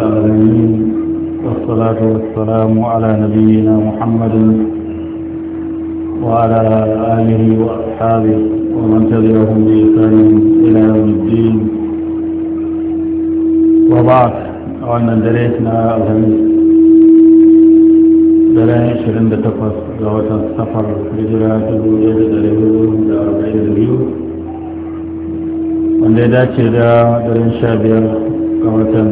العالمين والصلاة والسلام على نبينا محمد وعلى آله وأصحابه ومن تبعهم بإحسان إلى يوم الدين وبعد وأن دريتنا الخميس daren 28 ga watan safar hijira 1442 wanda ya dace da daren 15 ga watan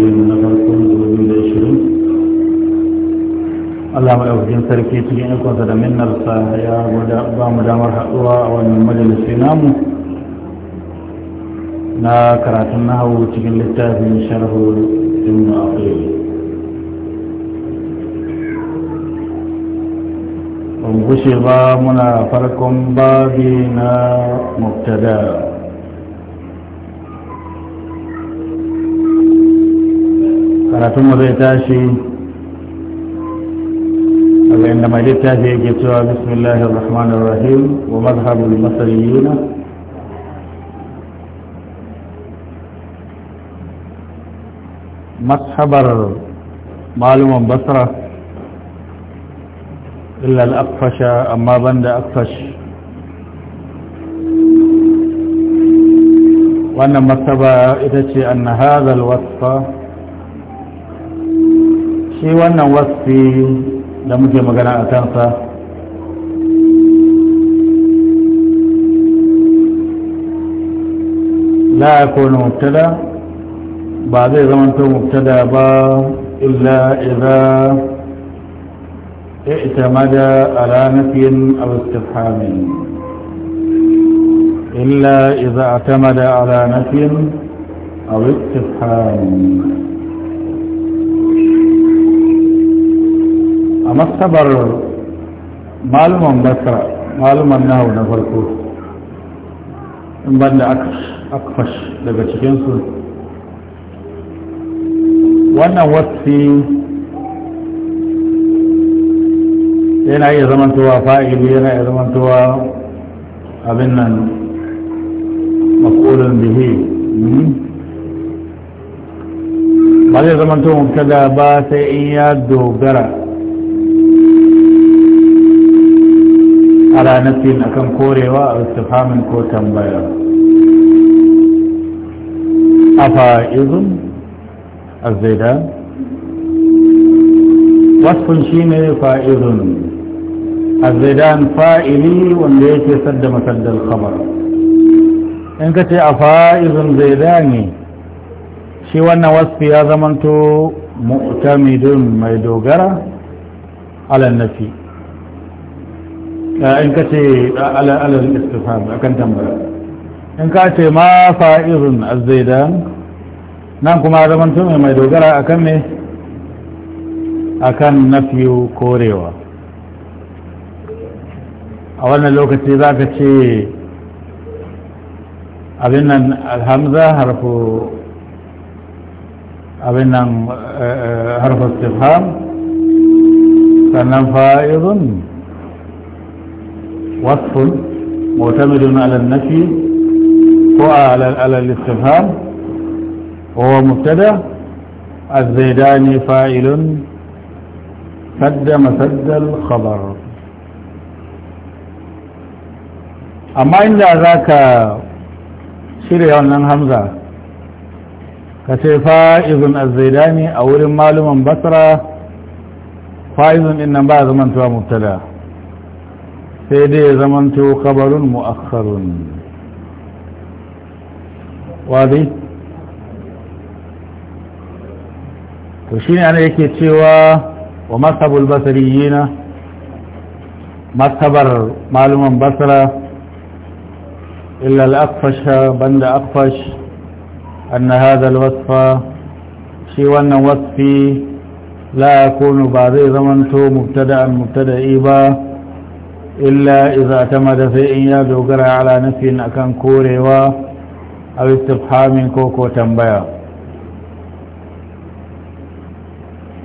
ashirin na Allah madaukakin sarki cikin ikonsa da minnarsa ya ba mu damar haɗuwa a wannan majalisi namu na karatun na hau cikin littafin sharhu ibn aqil ban gushe ba muna farkon babi na mubtada' karatunmu zai tashi daga inda mai littafi yake cewa bismillahi rahman rahim wa mazhabul masariyuna mashabar maluman basra illa al'akfasha amma banda akfash wannan masaba ita ce an na hazal wasfa shi wannan wasfi da muke magana a kansa la yakunu mubtada ba zai zama to mubtada ba illa idza i'tamada ala nafyin aw استفهام illa idza i'tamada ala nafyin aw استفهام a masabar maluman basra maluman nahu na farko in banda akfash daga cikinsu wannan wasfi yana iya zamantowa fa'ili yana iya zamantowa abin nan makulun bihi hmm? ba zai zamantowa kada ba sai in ya dogara ala nafsin akan korewa a istifamin ko tambaya afa izun azzaida wasfin shine fa'izun azzaidan fa'ili wanda yake sadda masaddal khabar in ka ce a fa'izun zaida ne shi wannan wasfi ya zamanto mu'tamidun mai dogara ala nafi Eh, in ka ce alal istifam akan tambaya in ka ce ma fa'izun azzaidan nan kuma zaman tumi mai dogara akan ne akan nafiyu korewa a wannan lokaci za ka ce abin nan alhamza harfu abin nan eh, eh, harfu istifam sannan fa'izun وصف معتمد على النفي وعلى على الاستفهام وهو مبتدا الزيداني فاعل سد مسد الخبر اما ان ذاك شريه وان همزه كسي فائز الزيداني او المعلوم بصره فائز ان بعض من تو مبتدا sai dai ya zamanto kabarun mu'akharun wadi to ne ana yake cewa wa mazhabul basriyina mazhabar maluman basra illa al banda akfash, anna hadal wasfa shi wannan wasfi la yakunu ba zai zamanto mubtada'an mubtada'i ba illa iza tamada sai in ya dogara ala nafin akan korewa a istifhamin ko tambaya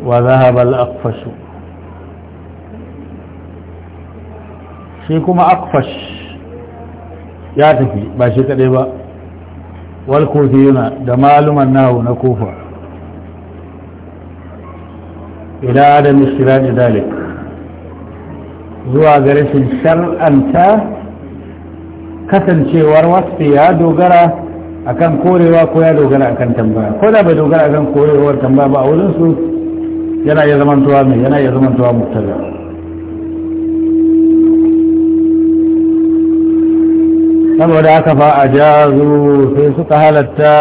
wa zahaba al-aqfashu shi kuma aqfash ya tafi ba shi kadai ba wal kufiyuna da maluman nahu na kufa ila adam istirani dalik zuwa ga rashin shar'anta kasancewar wasu ya dogara akan korewa ko ya dogara akan tambaya ko da bai dogara akan korewar tambaya ba a wurinsu yana iya tuwa mai yana iya tuwa muktada saboda aka fa a jazu sai suka halatta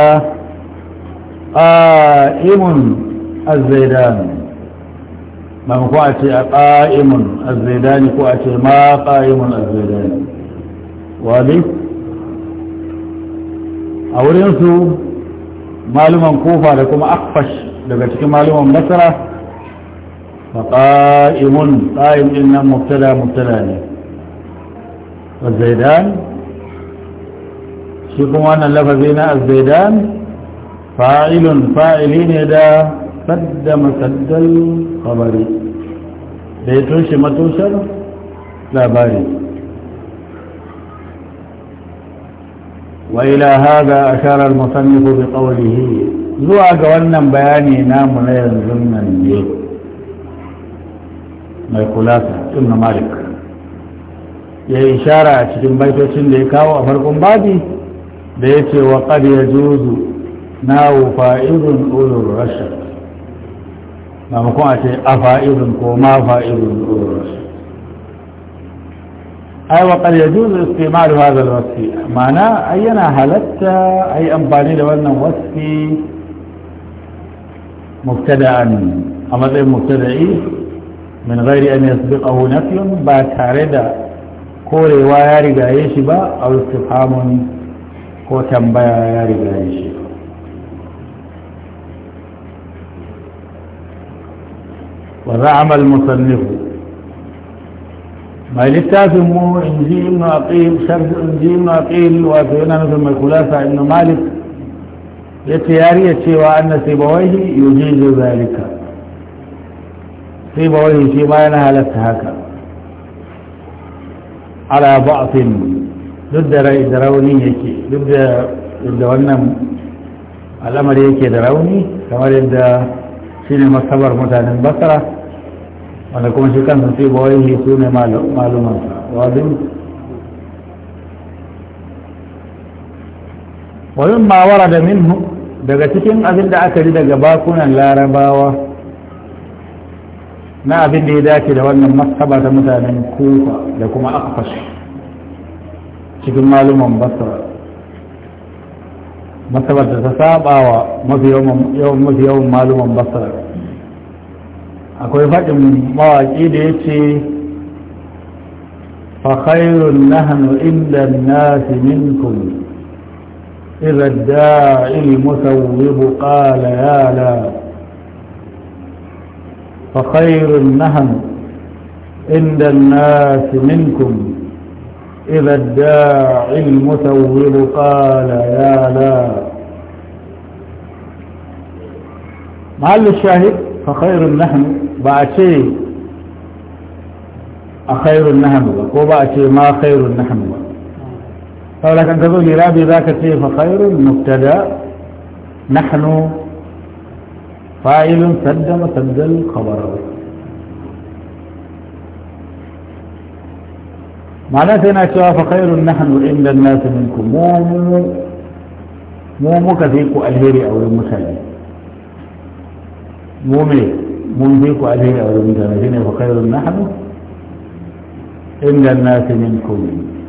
a imun azzaidan ba ko a ce a ƙa'imun azzedani ko a ce ma ƙa'imun azzedani wali a wurinsu maluman kofa da kuma akfash daga cikin maluman masara فقائم قائم إن shi مبتلى والزيدان lafazi na اللفظين fa'ilun fa'ili ne da. qaddama saddal khabari da ya tushe matushar labari wa ila hada ashara al-musannif bi qawlihi zuwa ga wannan bayani namu na yanzu nan ne mai kulasa ibn malik ya ishara a cikin baitocin da ya kawo a farkon babi da ya ce wa qad yajuzu na wufa irin ulur rashak maimakon a ce a fa’irin ko ma fa'izun ai wa ƙar da suke maru hazar wasu mana ai yana halatta ai amfani da wannan wasu mubtada'an a matsayin mubtada'i min ghairi an na nafyun ba tare da korewa ya rigaye shi ba a famun ko tambaya ya rigaye shi وزعم المصنف ما للتافي مو انجيل ناقيل عقيل شرح انجيل ناقيل وفينا نظم ما الخلاصة ابن مالك يتياري سوى وان سيبويه يجيز ذلك سيبويه شيما ينهلت هكا على بعض ضد da دروني يكي ضد yake duk da wannan al'amari yake da shi ne masabar mutanen basara wanda kuma shi kansu sai bawai su ne maluman wadin wayin ma wara da minhu daga cikin abin da aka ji daga bakunan larabawa na abin da ya dace da wannan masaba ta mutanen kufa da kuma akfash cikin maluman basra matsalar da ta saba wa mafi yawan maluman basar akwai faɗin mawaƙi da ya ce fakhairun nahanu inda nasi minkum إذا الداعي المثوب قال يا لا فخير النهم عند الناس منكم إذا الداعي المسول قال يا لا معل الشاهد فخير نحن بعد شيء أخير نحن وبعد شيء ما خير نحن فلك طيب أن تقول إرابي ذاك شيء فخير مبتدا نحن فاعل سد مسد الخبر ma'ana sai na cewa fa khairun nahnu inda an-nas minkum mu mu muka fi ku alheri a wurin mutane mu me mun fi ku alheri a wurin mutane shine fa khairun nahnu inda an-nas minkum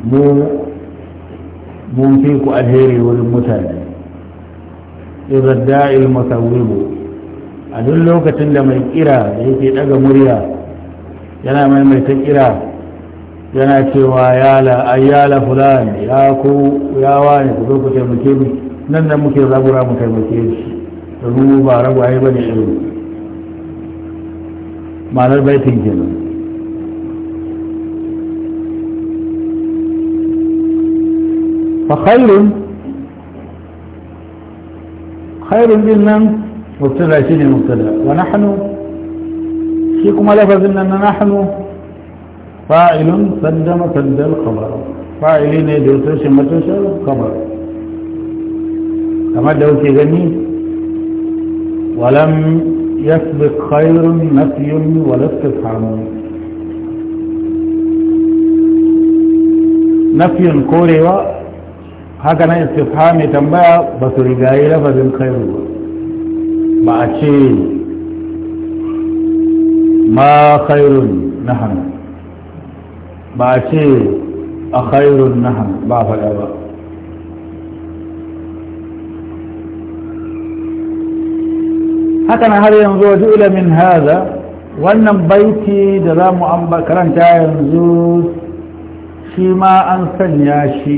mu mun fi ku alheri wurin mutane idza da'il musawwibu a duk lokacin da mai kira da yake daga murya yana maimaita kira yana cewa ya ayyala fulani ya ku ya wani ku zo ku taimake mu nan nan muke zagura mu taimake shi da mu ba ragwaye bane irin ma'anar baitin kenan fa khairun khairun din nan mutsala shi ne mutsala wa nahnu shi kuma lafazin nan nahnu فاعل قدم سد الخبر فاعلين يدوس شمتوس خبر كما دوك غني ولم يسبق خير نفي ولا استفهام نفي كوري و هكذا استفهام تنبا بسوري غاي لفظ خير ما أشيء ما خير نحن ba ce a khairun naham ba faɗa ba haka na har yanzu waje ilamin haza wannan baiti da za mu karanta yanzu shi ma an sanya shi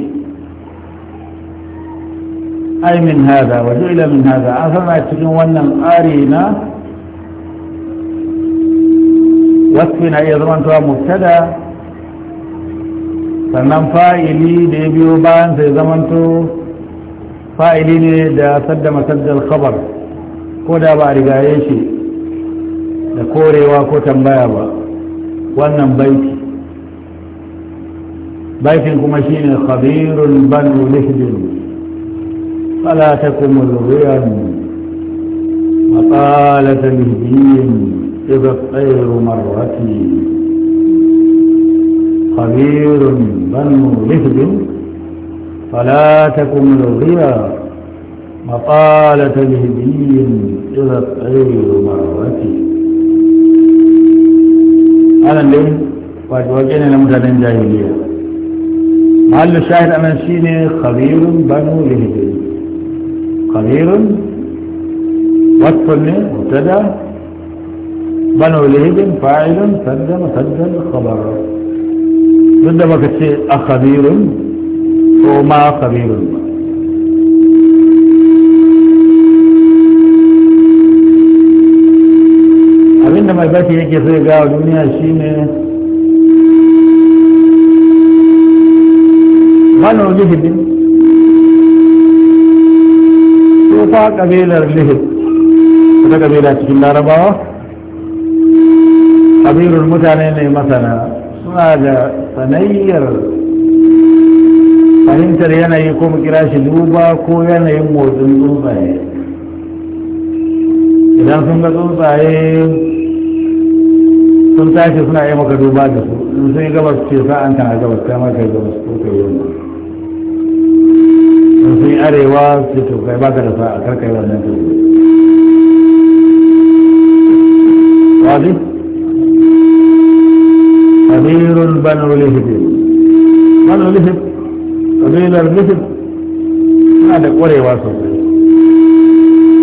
ai min haza waje ilamin haza an sanya cikin wannan tsari na wasfi na iya zamantawa mubtada sannan fa'ili da ya biyo bayan sai zamanto fa'ili ne da sadda masaddal khabar ko da ba a rigaye shi da korewa ko tambaya ba wannan baiti baitin kuma shine khabirun banu lihdin فلا تكن ملغيا وقال تلهين إذا خبير بنو لهب فلا تكن الغيا مقالة الهدي إذا الطير مرتي أنا اللي وأتوجهنا إلى جاهلية الجاهلية الشاهد أمام السيني خبير بنو لهب خبير وطن مبتدا بنو لهب فاعل فدا مسجل خبر duk da baka ce a khabirun ko ma khabirun ba abinda mai baki yake sai ga duniya shine manon lihibin ko fa kabilar lihib wata kabila cikin larabawa kabilun mutane ne masana ماذا فنير فهمتر ينهي كوم كراش دوبا كو ينهي دوبا إذا سنك دوبا سنتا شسنا يمك دوبا دسو نسوي قبر أنت عجب السامة كيزو مسكوك يوم نسوي أمير بنو لهب بنو لهب قبيلة لهب هذا قري واسو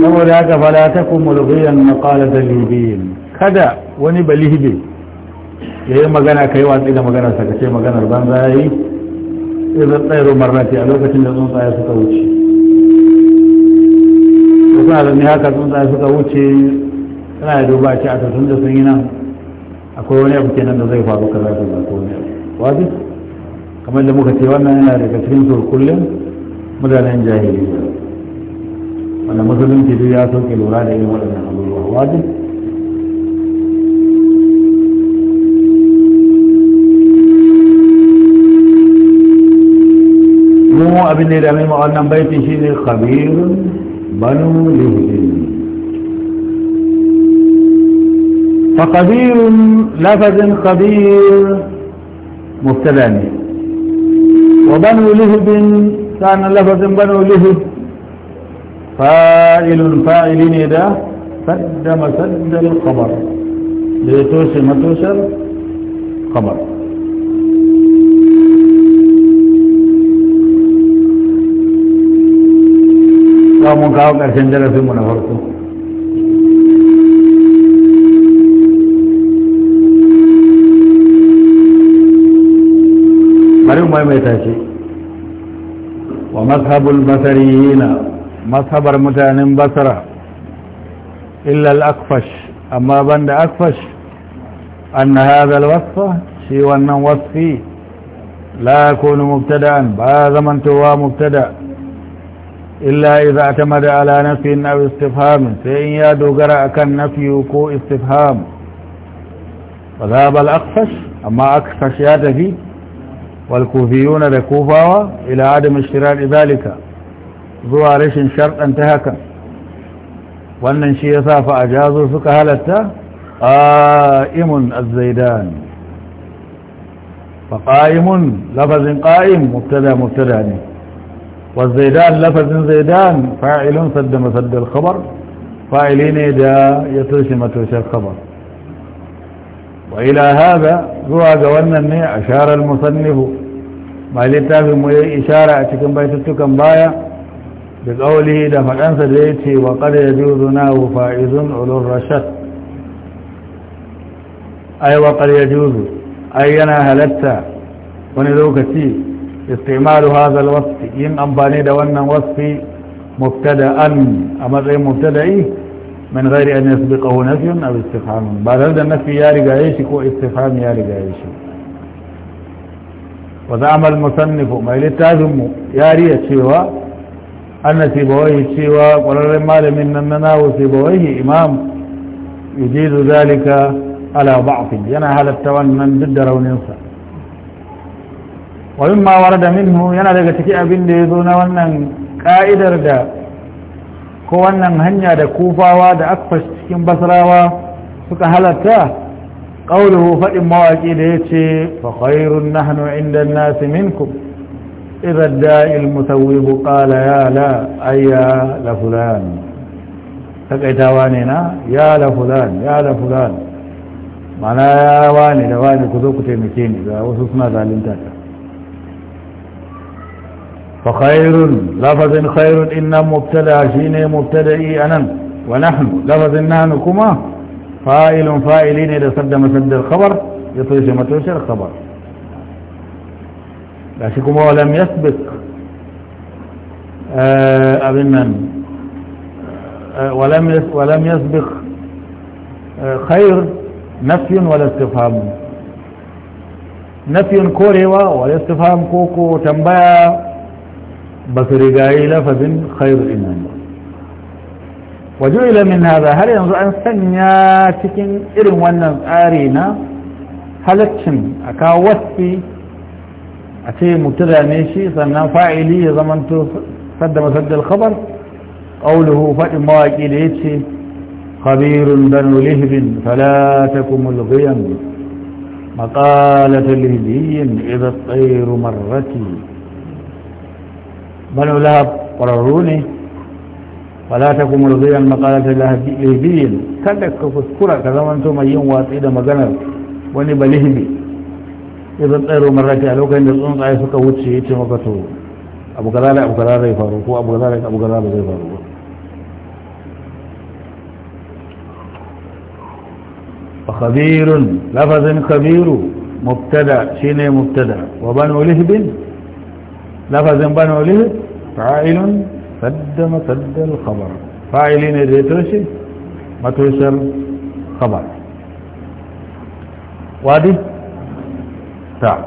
saboda haka fala takum mulghiyan maqalata libin kada wani balihibe yayin magana kai watsi da magana saka ce maganar banza yayi idan tsayro marnati a lokacin da tsuntsaye suka wuce suna da ne haka tsuntsaye suka wuce suna da duba ce a tattun da sun yi nan akwai wani abu kenan da zai faru kaza da za ko ne wazi kamar da muka ce wannan yana daga cikin kullum mutanen jahiliya wanda musulunci duk ya sauke lura da yin waɗannan abubuwa wazi mu abin da ya dame ma wannan baitin shine khabirun banu lihdin فقدير لفظ قدير مبتداني وبنو لهب كان لفظ بنو لهب فائل فائلين ده سد مسد القبر ليتوش متوشر خبر ومن قاو كرشن في منافرته maimaita shi wa mazhabul basariyina mazhabar mutanen basra illa al-akfash amma banda akfash anna hadha al-wasfa shi wannan wasfi la yakunu mubtada'an ba zaman towa mubtada' إلا إذا اعتمد على نفي أو استفهام فإن يادو قرأ كان نفي كو استفهام فذهب الأقفش أما أقفش ياتفي والكوفيون ذكوفا إلى عدم اشتراك ذلك ذو عرش شرط انتهك وان انشي وننشيطا فأجازوا فكهلة قائم الزيدان فقائم لفظ قائم مبتدى مبتدى والزيدان لفظ زيدان فاعل صد مصد الخبر فاعلين دا يترش متوش الخبر وإلى هذا هو جوانا أشار المصنف ما للتافي مي إشارة أتكم بيتتكم بايا بقوله دفع أنسى ديتي وقد يجوز ناه فائز أولو الرشد أي وقد يجوز أي أنا هلتا ونذوكتي استعمال هذا الوصف إن أمباني دوانا وصفي مبتدأ أمر مبتدئي من غير أن يسبقه نفي أو استفهام بعد هذا النفي يارق عيشي كو استفهام يارق عيشي وزعم المصنف ما يلتازم ياري الشيوى أن سيبويه الشيوى قال الرمال من أننا وسيبويه إمام يجيز ذلك على ضعف ينا هذا التوان من ضد وننسى ومما ورد منه ينا لك تكئ بندي دون ونن قائد رجاء ko wannan hanya da kufawa da akfash cikin basrawa suka halatta ƙauluhu faɗin mawaƙi da ya ce faƙairun nahnu inda nasi minkum idan da'il mutawibu buƙala, ya la ayya la fulan taƙaitawa ne na ya la fulan ya la fulan mana ya wani da wani ku zo ku taimake ni ga wasu suna zalunta ta فخير لفظ خير إن مبتدع شين مبتدعي أنا ونحن لفظ نحن كما فائل فائلين إذا سد مسد الخبر يطيش متوش الخبر لكن ولم يسبق آه، أبنا آه، ولم ولم يسبق آه، خير نفي ولا استفهام نفي كوريوا ولا استفهام كوكو تنبيه بسرقائي لفظ خير إمام وجعل من هذا هل ينظر أن سنياتك إرم ونم آرينا هلتشم أكاوثي أتي مبتدى نيشي سنة فاعلي زمنت سد مسد الخبر قوله فإما إليتي خبير بن لهب فلا تكم الغيم مقالة لهبي إذا الطير مرتي بل أولاد قرروني ولا تكون مرضيا مقالة الهبيين كذلك فذكرة كذا من ثم يوم واتئد مغنر ونبا لهبي إذا اطيروا مرة تعلوك إن الظنط عيسك وطشي إتي مكتو أبو كذالك أبو كذالك يفاروك أبو كذالك أبو كذالك يفاروك وخبير لفظ كبير مبتدأ شيني مبتدأ وبنوا لهبي لفظ بنا وليه فاعل سد مسد الخبر فاعلين ريتوشي متوشر خبر وادي تعب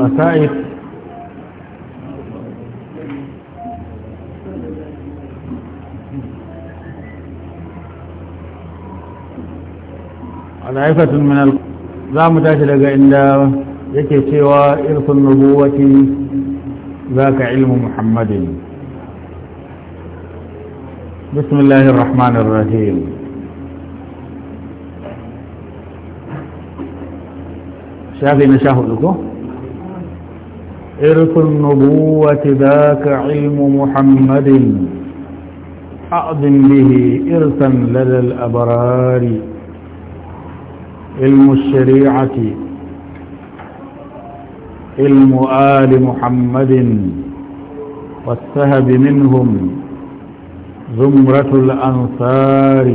على عفة من ال... لا متاثل عند يكي سوى إرث النبوة ذاك علم محمد بسم الله الرحمن الرحيم شافي نشاهدكم إرث النبوة ذاك علم محمد أعظم به إرثا لدى الأبرار علم الشريعة علم آل محمد والسهب منهم زمرة الأنصار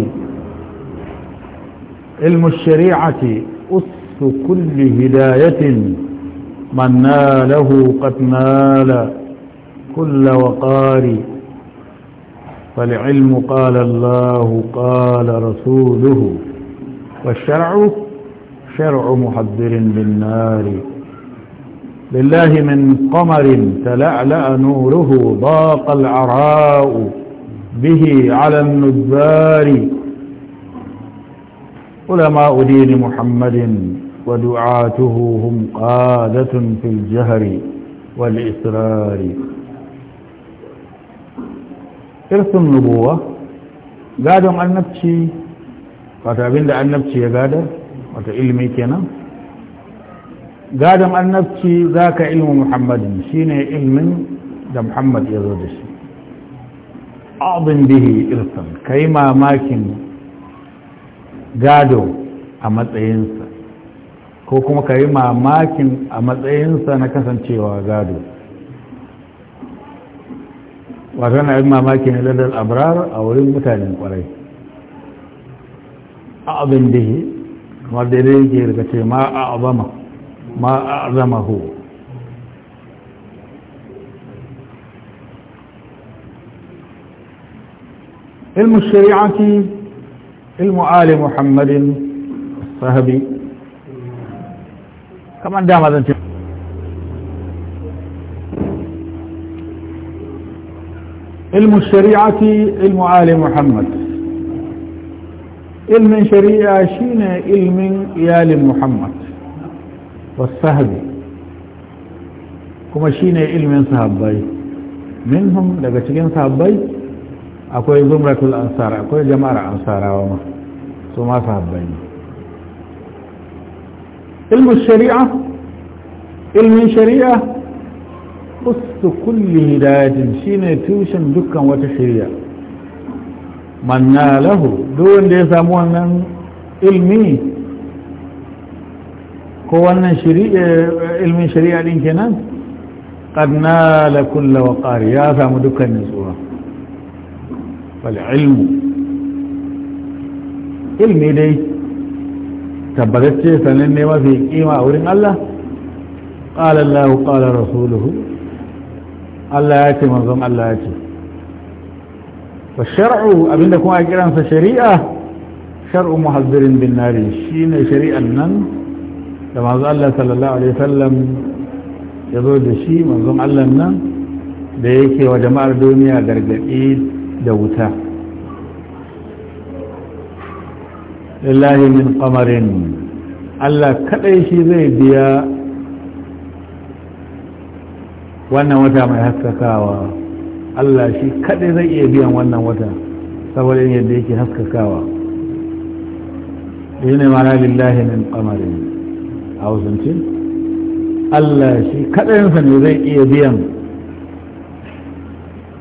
علم الشريعة أس كل هداية من ناله قد نال كل وقار فالعلم قال الله قال رسوله والشرع شرع محذر بالنار لله من قمر تلعلع نوره ضاق العراء به على النجار علماء دين محمد ودعاته هم قادة في الجهر والإسرار إرث النبوة قادم النبشي وتابين النبشي يا قادر وتعلمي كنا قادم النبشي ذاك علم محمد شين علم ده محمد يزودش أعظم به إرثا كيما ماكن قادو أمت إنسا ko kuma ka yi mamakin a matsayinsa na kasancewa gado wata na yi mamakin na ladar abrar a wurin mutanen kwarai a abin da yi kamar da yi ke daga ce ma a abama ma a zama ho ilmu shari'a ki ilmu ali muhammadin sahabi kamar dama zan ilmu shari'ati ilmu ali muhammad ilmin shari'a shine ilmin iyalin muhammad sahabi kuma shine ilmin sahabbai minhum daga cikin sahabbai akwai zumratul ansara akwai jama'ar ansarawa su ma sahabbai ilmu shari'a ilmin shari'a ustu kulli hidayatin shine tushen dukkan wata shari'a manna lahu duk wanda ya samu wannan ilmin shari'a din kenan qad nala kulla waqar ya samu dukkan ilmu ilmi dai tabbatacce sanin ne mafi kima a wurin Allah qala Allah qala rasuluhu Allah ya ce manzon Allah ya ce wa shar'u abinda kuma kiransa shari'a shar'u muhazzirin bin nari shine shari'an nan da manzon Allah sallallahu alaihi wasallam ya zo da shi manzon Allah nan da yake wa jama'ar duniya gargadi da wuta lillahi min qamarin Allah kaɗai shi zai biya wannan wata mai haskakawa Allah shi kaɗai zai iya biyan wannan wata saboda yadda yake haskakawa shi ne mana lillahi min qamarin a wasance Allah shi kadayansa ne zai iya biyan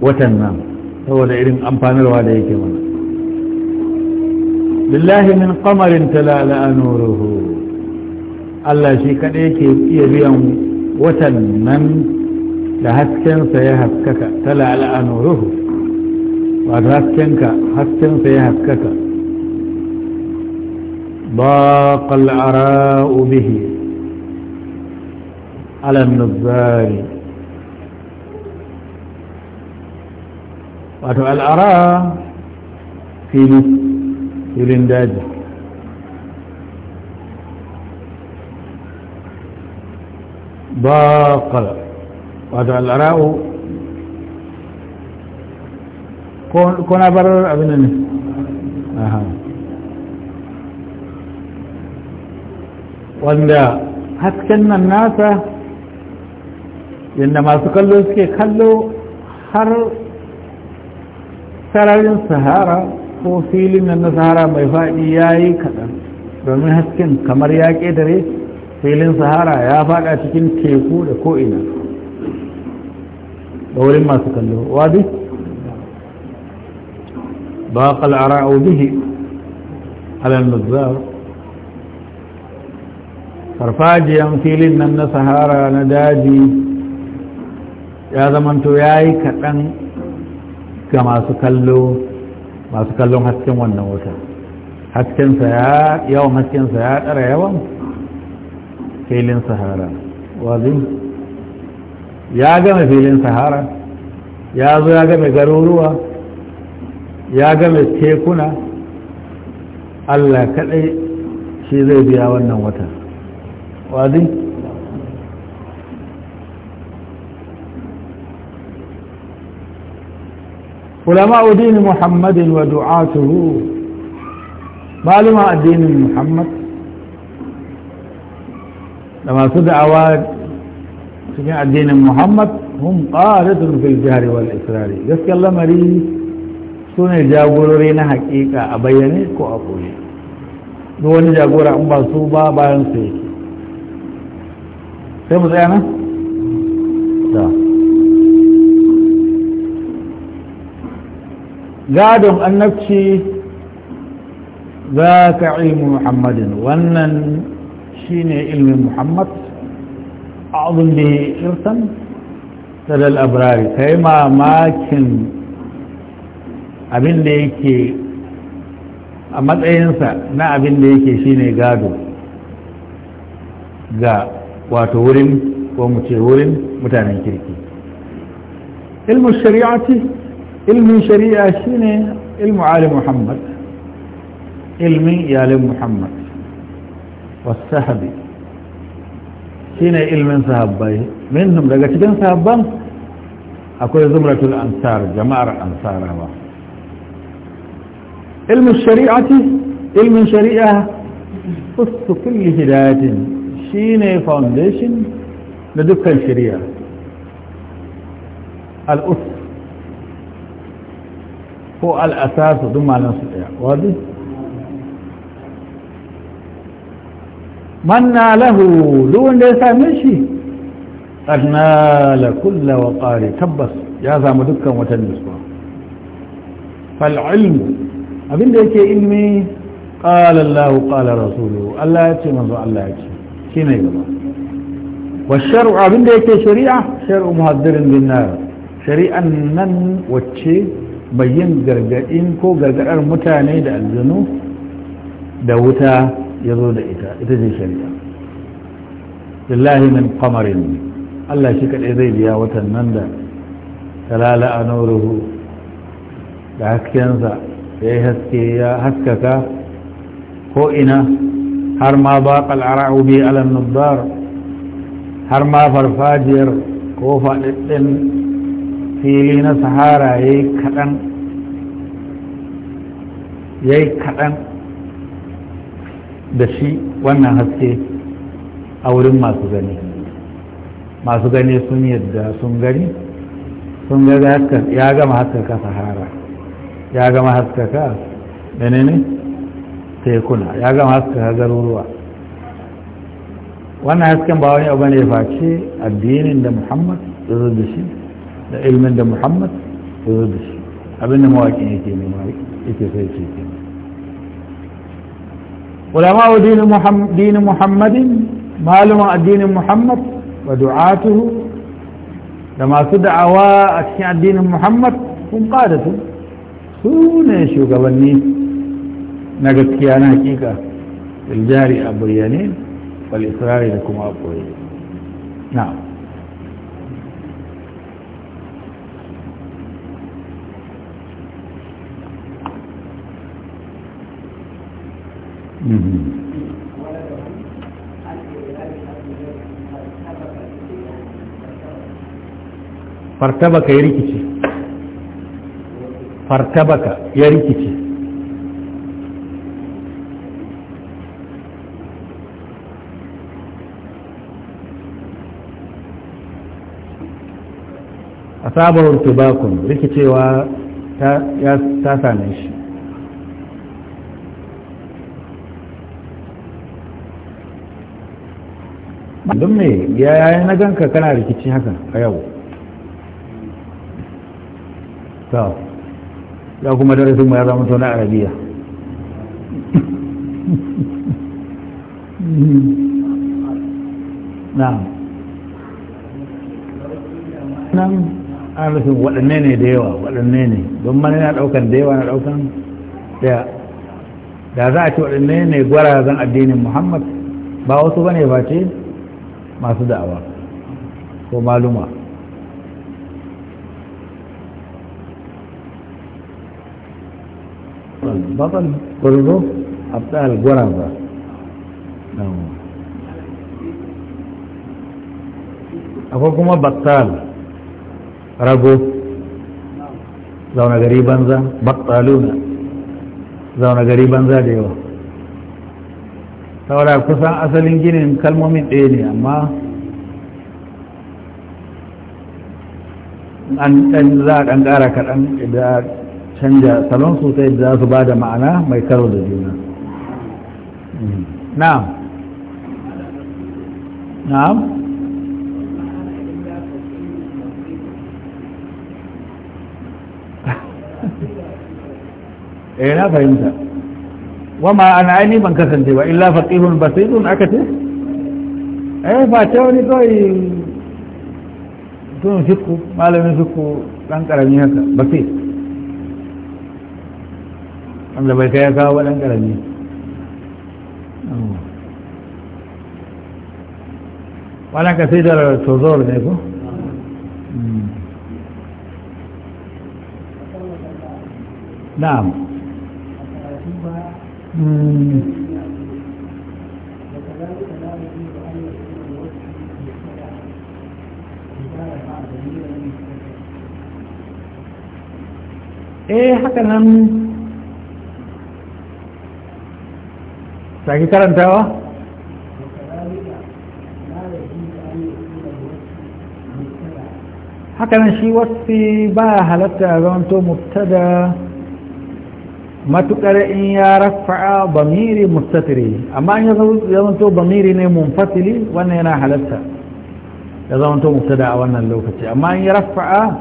watan nan saboda irin amfanarwa da yake mana lillahi min qamarin talala nuruhu Allah shi kaɗai ke iya biyan watan nan da haskensa ya haskaka talala nuruhu wato haskenka haskensa ya haskaka ضاق العراء به على النظار wato al'ara fili filin daji baƙar wata al'ara'u ko na bar abin ne wanda hasken nan nasa yadda masu kallo suke kallo har sararin sahara ko filin nan na sahara mai faɗi ya yi kaɗan domin hasken kamar ya ƙetare filin sahara ya faɗa cikin teku da ko'ina da wurin masu kallo wadi ba kal'ara bihi alal nuzzar farfajiyan filin nan na sahara na daji ya zamanto ya yi kaɗan ga masu kallo masu kallon hasken wannan wata ya yawan haskensa ya ɗara yawan filin sahara wazi ya game filin sahara ya zo ya game garuruwa ya game tekuna allah kaɗai shi zai biya wannan wata wazi علماء دين محمد ودعاته معلماء دين محمد لما تدعوا في الدين محمد هم قادة في الجهر والإسرار يسكى الله مريض سنة جاغورين حقيقة أبيني كو أقولي دون جاغورة أمبا صوبا بيان سيكي سيبت أنا؟ ده gadon annabci za ka ilmi muhammadin wannan shine ilmin muhammad a abin da ya irsan sadal abrari ka yi mamakin abin da yake a matsayinsa na abin da yake shine gado ga wato wurin ko mu ce wurin mutanen kirki ilmin ce. علم شريعة شنو علم عالم محمد علمي يا لم محمد والسهبي شنو علم سهباي منهم لقى شكين سهبا اكو زمرة الأنصار جماعة الأنصار علم الشريعة علم شريعة قص كل هداية شيني فاونديشن لدفع الشريعة الأس ko al'asasu ɗin malan su daya wadi manna lahu duwan da ya same shi ƙarna la kulla wa ƙari, tabbas ya samu dukkan watan nisba fal'ilmu abinda yake ilmi ƙala Allah ƙala rasulu Allah ya ce manzo Allah ya ce shi ne gaba wa shar'u abinda yake shari'a shar'u muhaddirin bin shari'an nan wacce mai yin gargadin ko gargadar mutane da aljanu da wuta ya zo da ita ita ce shari'a lillahi min Allah shi kadai zai biya watan nan da talala anuruhu da haskensa da ya haske ya haskaka ko ina har ma baqal ara'u bi alam nubbar har ma farfajiyar ko faɗaɗɗen fili na sahara ya yi kaɗan ya yi kaɗan da shi wannan haske a wurin masu gani masu gani sun yadda sun gani sun ya gama haskaka sahara ya gama haskaka menene tekuna ya gama haskaka garuruwa wannan hasken ba wani abu ne face addinin da muhammad ya zo da shi da ilmin da muhammad ya zo da shi abin da mawaƙin yake nema yake sai ce ke ulama'u dinin muhammadin malumin addinin muhammad wa du'atuhu da masu da'awa a cikin addinin muhammad sun ƙadatu su ne shugabanni na gaskiya na hakika iljari a bayyane wal isra'i da kuma a na'am fartabaka ya rikice fartabaka ya rikice a sabon tubakun rikicewa ta same shi don me ya yayi na ganka kana rikicin haka a yau ta ya kuma darasin ma ya zama to na arabiya na nan an rufe waɗanne ne da yawa waɗanne ne don mani na ɗaukan da yawa na ɗaukan ɗaya da za a ce waɗanne ne zan addinin muhammad ba wasu ba ne ba ce masu da'awa ko maluma a gwarzo abdal ba akwai kuma batal rago zaune gari banza bataluna zaune gari banza da yawa saboda kusan asalin ginin kalmomin ɗaya ne amma an ɗan za a ɗan ƙara kaɗan da canja salon su sai za su ba da ma'ana mai karo da juna na'am na'am eh na fahimta wama ana aini ban kasance ba illa faqihun basirun aka ce eh ba ta wani kawai tun fiku malamin fiku dan karami haka basir wanda bai kai ya kawo dan karami wani ka sai da tozor ne ko hmm. na'am Hmm. eh haka nan sake karantawa haka nan shi wasu ba halatta wanto mutada matukar in ya rafa'a bamiri mustatiri amma in ya zamanto bamiri ne munfasili wannan yana halatta ya zamanto mubtada a wannan lokaci amma in ya rafa'a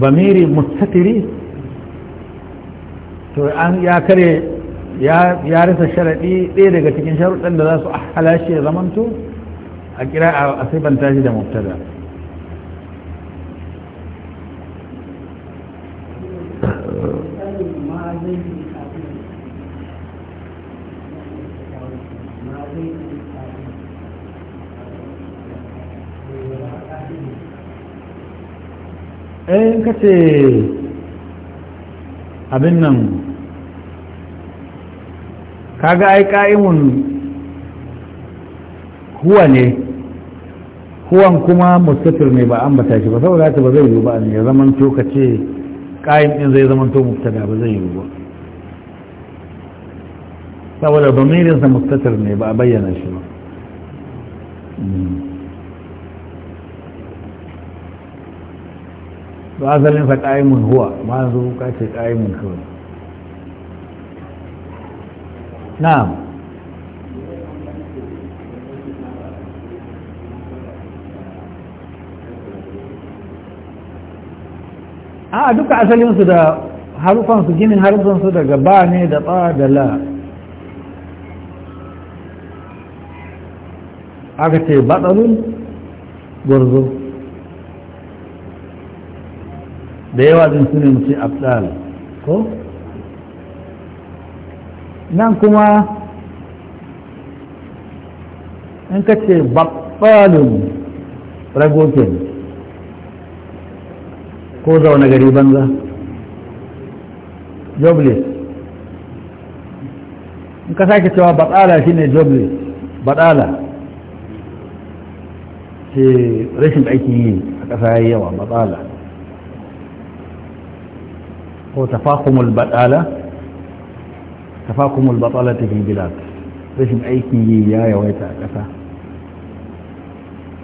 bamiri mustatiri to an ya kare ya rasa sharaɗi ɗaya daga cikin sharuɗan da za su halashi ya zamanto a kira a sai ban tashi da mubtada in ka ce abin nan kaga ai ka'imun huwa ne huwan kuma mustatir ne ba ba shi ba saboda ta ba zai yi ba ne ya to ka ce ƙa'im ɗin zai to mubtada ba zai yi ba saboda domininsa mustatir ne ba a bayyana shi ba hmm. to asalin fa qa'imun huwa ma yanzu ka ce qa'imun kawai na'am a duka asalinsu da harufansu ginin harufansu daga ba ne da ba da la aka ce batsalin gwarzo da yawa din su ne mace abdal ko nan kuma in ka ce babbalin ragokin ko zaune gari banza jobless in ka sake cewa batsala shine jobless batsala ce rashin aikin yi a ƙasa yawa batsala ko tafahumul batala tafahumul batala ta fil bilad rashin aikin yi ya yawaita a ƙasa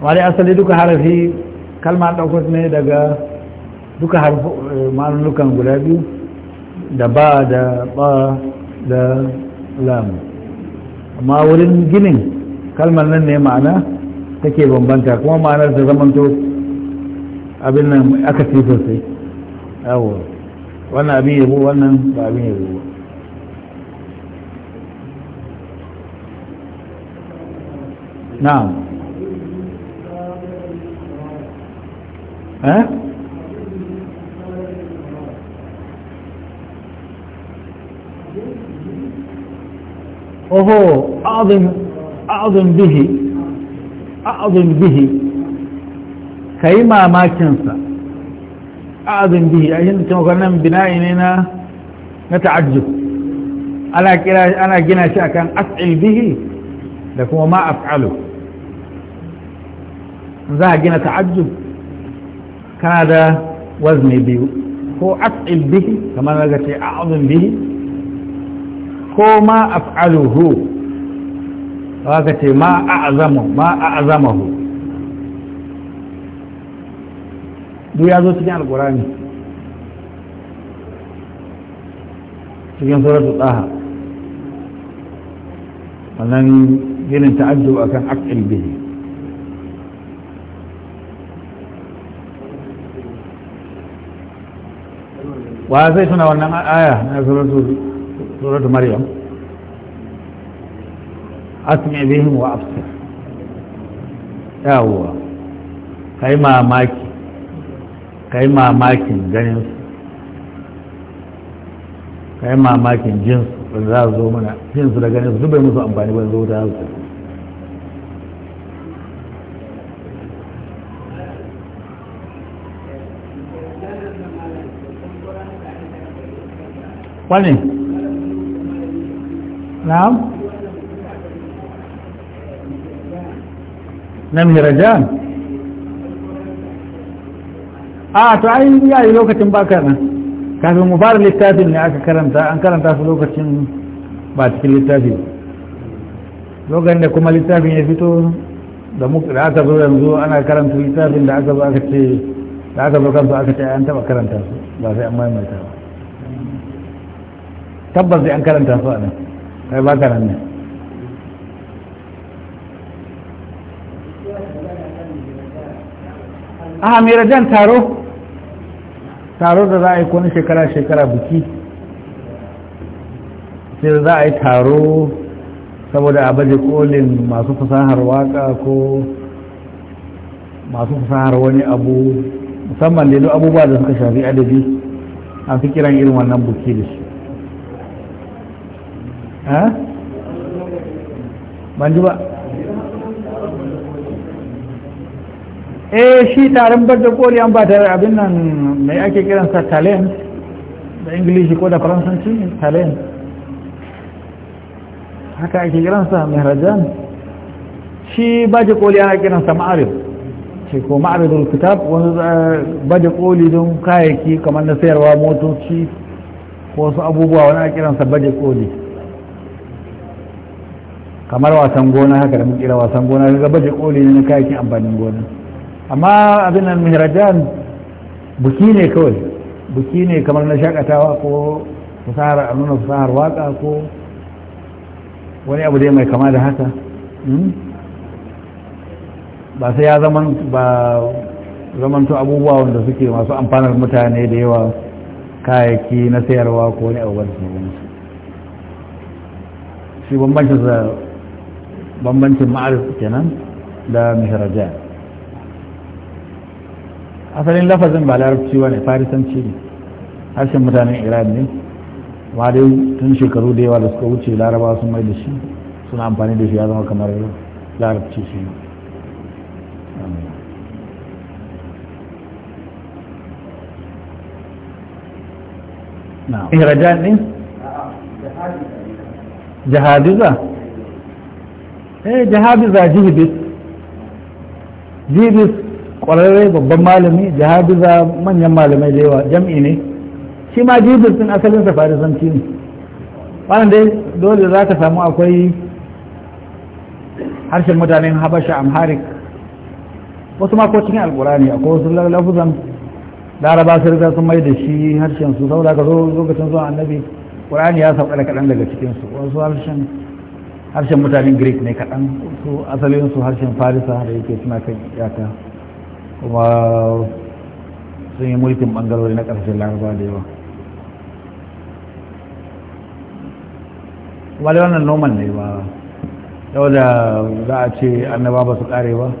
wani asali duka harafi kalma ɗaukos ne daga duka malukan guda biyu da ba da ba da lamu amma wurin ginin kalmar nan ne ma'ana take bambanta kuma ma'anar ta zamanto abin nan aka sosai yawon wannan abu ya bu wannan babu ya rubu Naam. eh oh oh alden bihi alden bihi ka yi mamakinsa azin bihi a yin cikin wannan bina'i ne na na ta'ajjub ana kira ana gina shi akan as'il bihi da kuma ma af'alu za a gina ta'ajjub kana da wazni biyu ko as'il bihi kamar daga ce a'azin bihi ko ma af'aluhu za ka ce ma a'azamu ma a'azamahu duk ya zo cikin alkurani cikin suratu tsaha wannan ginin ta'addu a kan akil bihi wa zai tuna wannan aya na suratu maryam asmi bihim wa absir yawwa kai mamaki ka yi mamakin ganin su ka yi mamakin jin su za su zo mana jin su da ganin su bai musu amfani wanda zo ta su wani na'am na mirajan a to ai ya yi lokacin baka nan kafin mu fara littafin ne aka karanta an karanta su lokacin ba cikin littafi lokacin da kuma littafin ya fito da aka zo yanzu ana karanta littafin da aka zo aka ce da aka zo kansu aka ce an taba karanta su ba sai an maimaita ba tabbas sai an karanta su a nan kai baka nan ne a ah, mirajan taro taro da za a yi kone shekara-shekara buki sai za a yi taro saboda a baje kolin masu fasahar waka ko masu fasahar wani abu musamman da abubuwa da suka shafi adabi an fi kiran irin wannan buki da shi eh? ban ji ba eh shi tarin bar koli an ba da abin nan mai ake kiransa talent da ingilishi ko da faransanci talent haka ake kiransa mihrajan shi baje koli ana kiransa ma'arif ce ko ma'arifin kitab wani eh, baje koli don kayayyaki kamar na sayarwa motoci ko wasu abubuwa wani ana kiransa baje koli kamar wasan gona haka da mun kira wasan gona ga baje koli ne na kayayyakin amfanin gona amma abin nan mihrajan buki ne kawai buki ne kamar na shakatawa ko fasahar a nuna fasahar waka ko wani abu dai mai kama da haka hmm? ba sai ya zaman ba to abubuwa wanda suke masu amfanar mutane da yawa kayayyaki na sayarwa ko wani abu su su shi bambancin bambancin ma'arif kenan da mihrajan asalin lafazin ba larabci ba ne farisanci ne harshen mutanen iran ne ma dai tun shekaru da yawa da suka wuce laraba sun mai da shi suna amfani da shi ya zama kamar larabci shi ne ihrajan ne jahadiza eh jahadiza jihbis jihbis ƙwararre babban malami jihadiza manyan malamai da yawa jam'i ne shi ma jibir din asalinsa farisanci ne wannan dai dole za ka samu akwai harshen mutanen habasha Amharic wasu ma ko cikin alkurani akwai wasu lafuzan laraba su riga sun mai da shi harshen su da ka zo lokacin zuwa annabi ƙurani ya sauka da kaɗan daga cikin su wasu harshen harshen mutanen greek ne kaɗan su asalinsu harshen farisa da yake suna kan iyaka kuma sun yi mulkin bangarori na ƙarshen laraba da yawa kuma da wannan noman ne ba yau da za a ce annaba ba su ƙare ba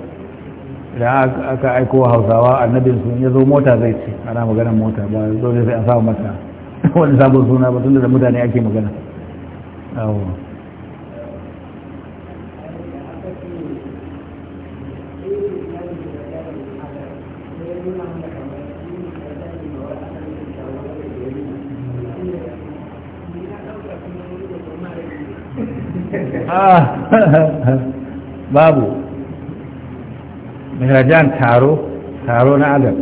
da aka aiko hausawa annabin sun ya zo mota zai ce ana magana mota ba dole sai an samu mata wani sabon suna ba tun da mutane ake magana babu mihrajan taro taro na adab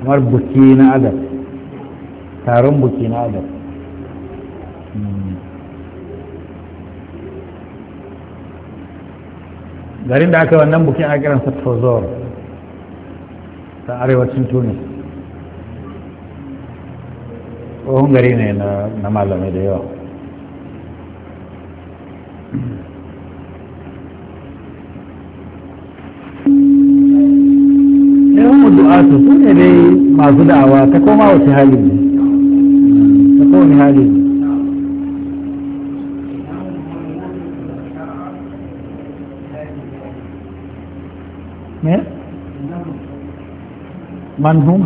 kamar buki na adab taron buki na adab hmm. garin da aka yi wannan bukin a kiransa tozor ta arewacin tunis tsohon gari ne na malamai da yawa masu da'awa ta koma wasu hali ne ta kowane hali ne ne manhum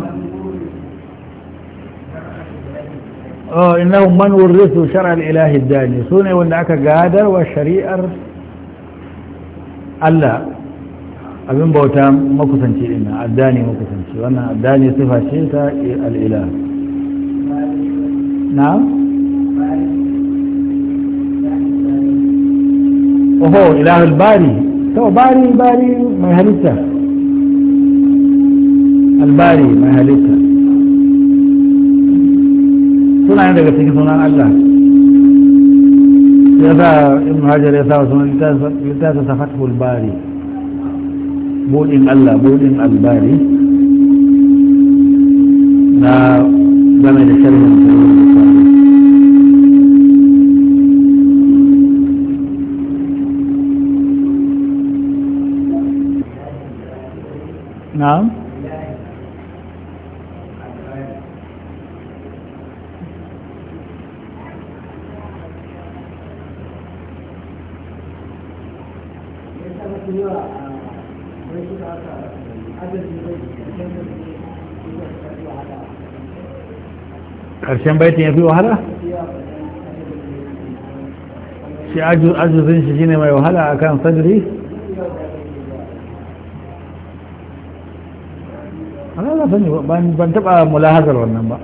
oh innahum man wurrisu shar'al ilahi dani sune wanda aka gadar wa shari'ar Allah abin bauta makusanci ina addani makusanci wannan addani sifa ce ta al'ilah na? oho ilahul bari to bari bari mai halitta albari mai halitta suna yin daga cikin sunan Allah ya sa in hajar ya sa wasu littasa fatihul bari buɗin Allah buɗin albari na game da sharhin na'am ƙarshen baitin ya fi wahala? shi ajuzin shi shine mai wahala a kan sadri? ana na sani ban taɓa mulahazar wannan ba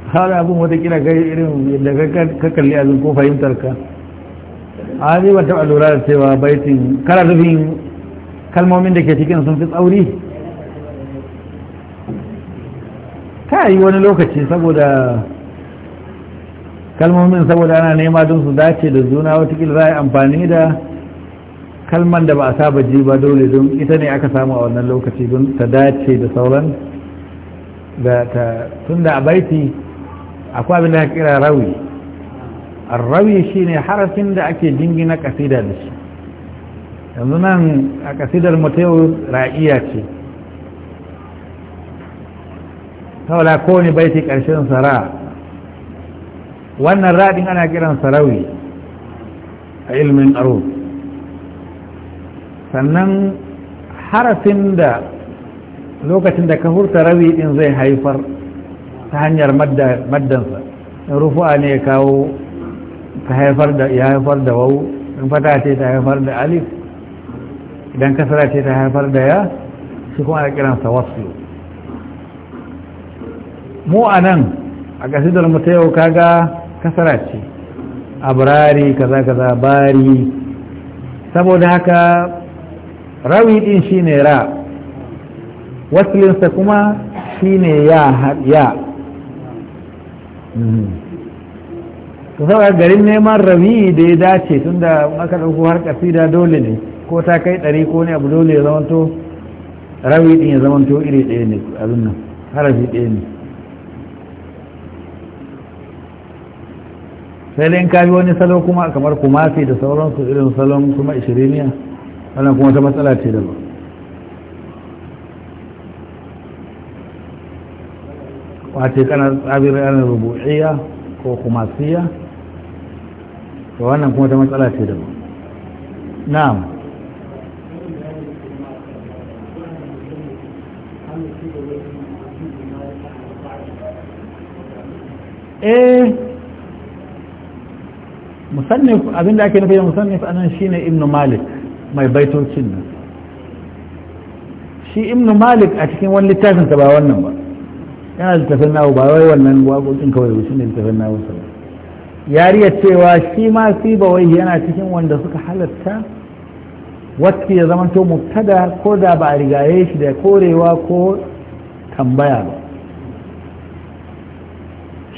hada abin watakila ga irin da ka kalli abin ko fahimtar ka a ne ban taɓa lura da cewa baitin kara rufin kalmomin da ke cikin sun fi tsauri a yi wani lokaci saboda kalmomin saboda ana nema don su dace da juna watakila za a yi amfani da kalman da ba a saba ji ba dole don ita ne aka samu a wannan lokaci don ta dace da sauran da ta tun da a baiti akwai abin da aka kira rawi rawi shine harafin da ake jingina kasida da shi yanzu nan a kasidar mateo ra'iya ce saboda kowane baiti ƙarshen sara wannan raɗin ana kiran sarawi a ilmin aro sannan harafin da lokacin da ka furta rawi ɗin zai haifar ta hanyar maddansa in rufu'a ne ya kawo ta haifar da ya haifar da wau in fata ce ta haifar da alif idan kasara ce ta haifar da ya shi kuma ana kiransa wasu mu a nan a kasidar mu yau kaga kasara ce abrari kaza kaza bari saboda haka rawi din ne ra wasilinsa kuma ne ya ya mhm. to saboda garin neman rawi da ya dace tun da aka ɗauko har kasida dole ne ko ta kai ɗari ko ne abu dole ya zamanto rawi din ya zamanto iri ɗaya ne a nan harafi ɗaya ne sai dai in ka bi wani salo kuma kamar kumasi da sauransu irin salon kuma ishiriniya wannan kuma ta matsala ce da ba wace kana tsabir yanar rubu'iya ko kumasiya to wannan kuma ta matsala ce da ba na'am eh musannif abinda ake nufi da musannif anan shine ibnu malik mai baitocin nan shi ibnu malik a cikin wani littafin ba wannan ba yana littafin nawo ba wai wannan waƙoƙin kawai ba shine littafin nawo sa ba yariya cewa shi ma fi wai yana cikin wanda suka halatta wacce ya zama to mubtada ko da ba a rigaye shi da korewa ko tambaya ba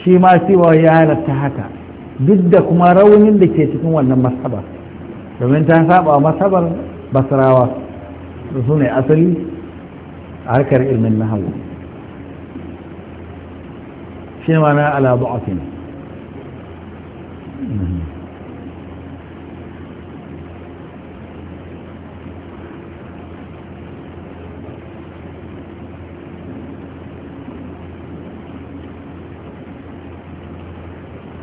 shi ma fi bawai ya halatta haka duk da kuma raunin da ke cikin wannan masaba domin ta saba masabar basrawa su ne asali a harkar ilmin nahawu shi ne na ala bu'afin